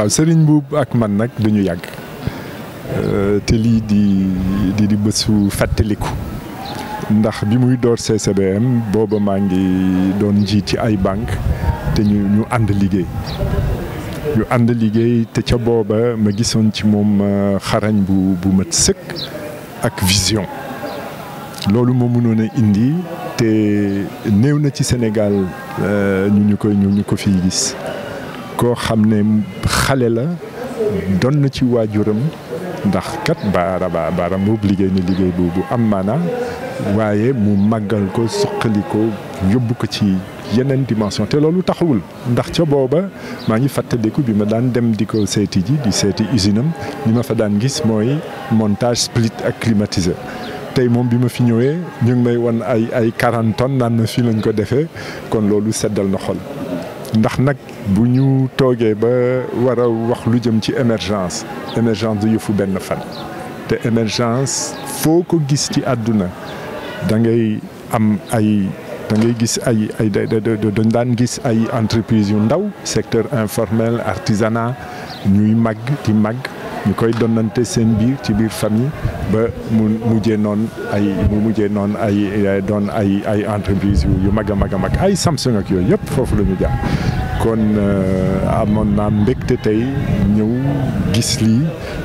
waaw sëriñ Mbuub ak man nag duñu yàgg euh, te lii di di bësu fàttaliku ndax bi muy door CCBM booba maa ngi doon njiit ci ay banque te ñu ñu ànd liggéey ñu ànd liggéey te ca booba ma gisoon ci moom euh, xarañ bu bu mat sëkk ak vision loolu moo mënoon a indi te néew na ci senegal euh, ñu ñu ko ñu ñu ko fiy gis koo xam ne xale la doon na ci waajuram ndax kat baara baara boobu liggéey na liggéey boobu am maanaam waaye mu màggal ko suqali ko yóbbu ko ci yeneen dimension te loolu taxawul ndax ca booba maa ngi fàttaliku bi ma daan dem di ko seeti ji di seeti usine am li ma fa daan gis mooy montage split ak climatiseur tey moom bi ma fi ñëwee ñu may won ay ay 40 tonnes naan na fii lañ ko defee kon loolu seddal na xol. ndax nag bu ñu toogee ba war a wax lu jëm ci émergence émergence du yëfu benn fan te émergence foo ko gis ci àdduna da ngay am ay da ngay gis ay ay dañ daan gis ay entreprise yu ndaw secteur informel artisanat ñuy màgg di màgg ñu koy donnante seen biir ci biir famille ba mu mujjee noon ay mu mujjee noonu ay doon ay ay entreprise yu mag a mag a mag ay Samsung ak yooyu yëpp foofu la ñu jàpp kon euh, amoon naa mbégte tey ñëw gis lii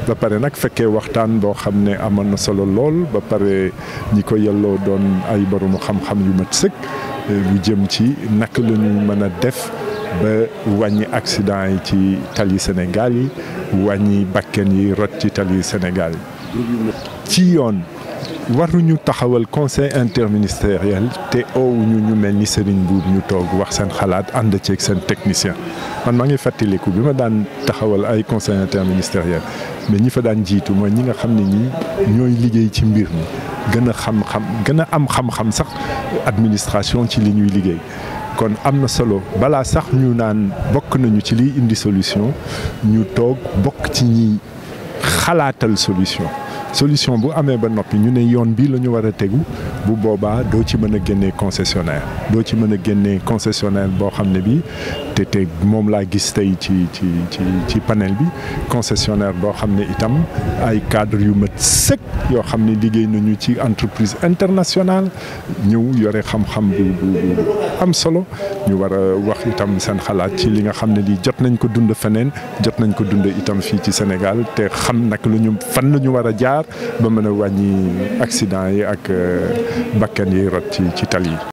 ba pare nag fekkee waxtaan boo xam ne amoon na solo lool ba pare ñi ko yelloo doon ay boromu xam-xam yu ma sëkk euh, lu jëm ci naka la ñu mën a def ba wàññi accident yi ci tali Sénégal yi wàññi bakken yi rot ci tali Sénégal ci yoon waruñu taxawal conseil interministériel te oowuñu ñu mel ni Serigne Mbuub ñu toog wax seen xalaat ànd ceeg seen technicien man maa ngi fàttaliku bi ma daan taxawal ay conseil interministériel mais ñi fa daan jiitu mooy ñi nga xam ne ñi ñooy liggéey ci mbir mi gën a xam-xam gën a am xam-xam sax administration ci li ñuy liggéey kon am na solo balaa sax ñu naan bokk nañu ci liy indi solution ñu toog bokk ci ñi xalaatal solution solution bu amee ba noppi ñu ne yoon bii la ñu war a tegu bu boobaa doo ci mën a génnee concessionnaire doo ci mën a génnee concessionnaire boo xam ne bii te te moom laa gis tey ci ci ci ci panel bi concessionnaire boo xam ne itam ay cadre yu mat sëkk yoo xam ne liggéey nañu ci entreprise internationale ñëw yore xam-xam bu am solo ñu war a wax itam seen xalaat ci li nga xam ne lii jot nañ ko dund feneen jot nañ ko dund itam fii ci Sénégal te xam nag lu ñu fan la ñu war a jaar ba mën a wàññi accident yi ak euh, bakkan yi rot ci ci tali yi.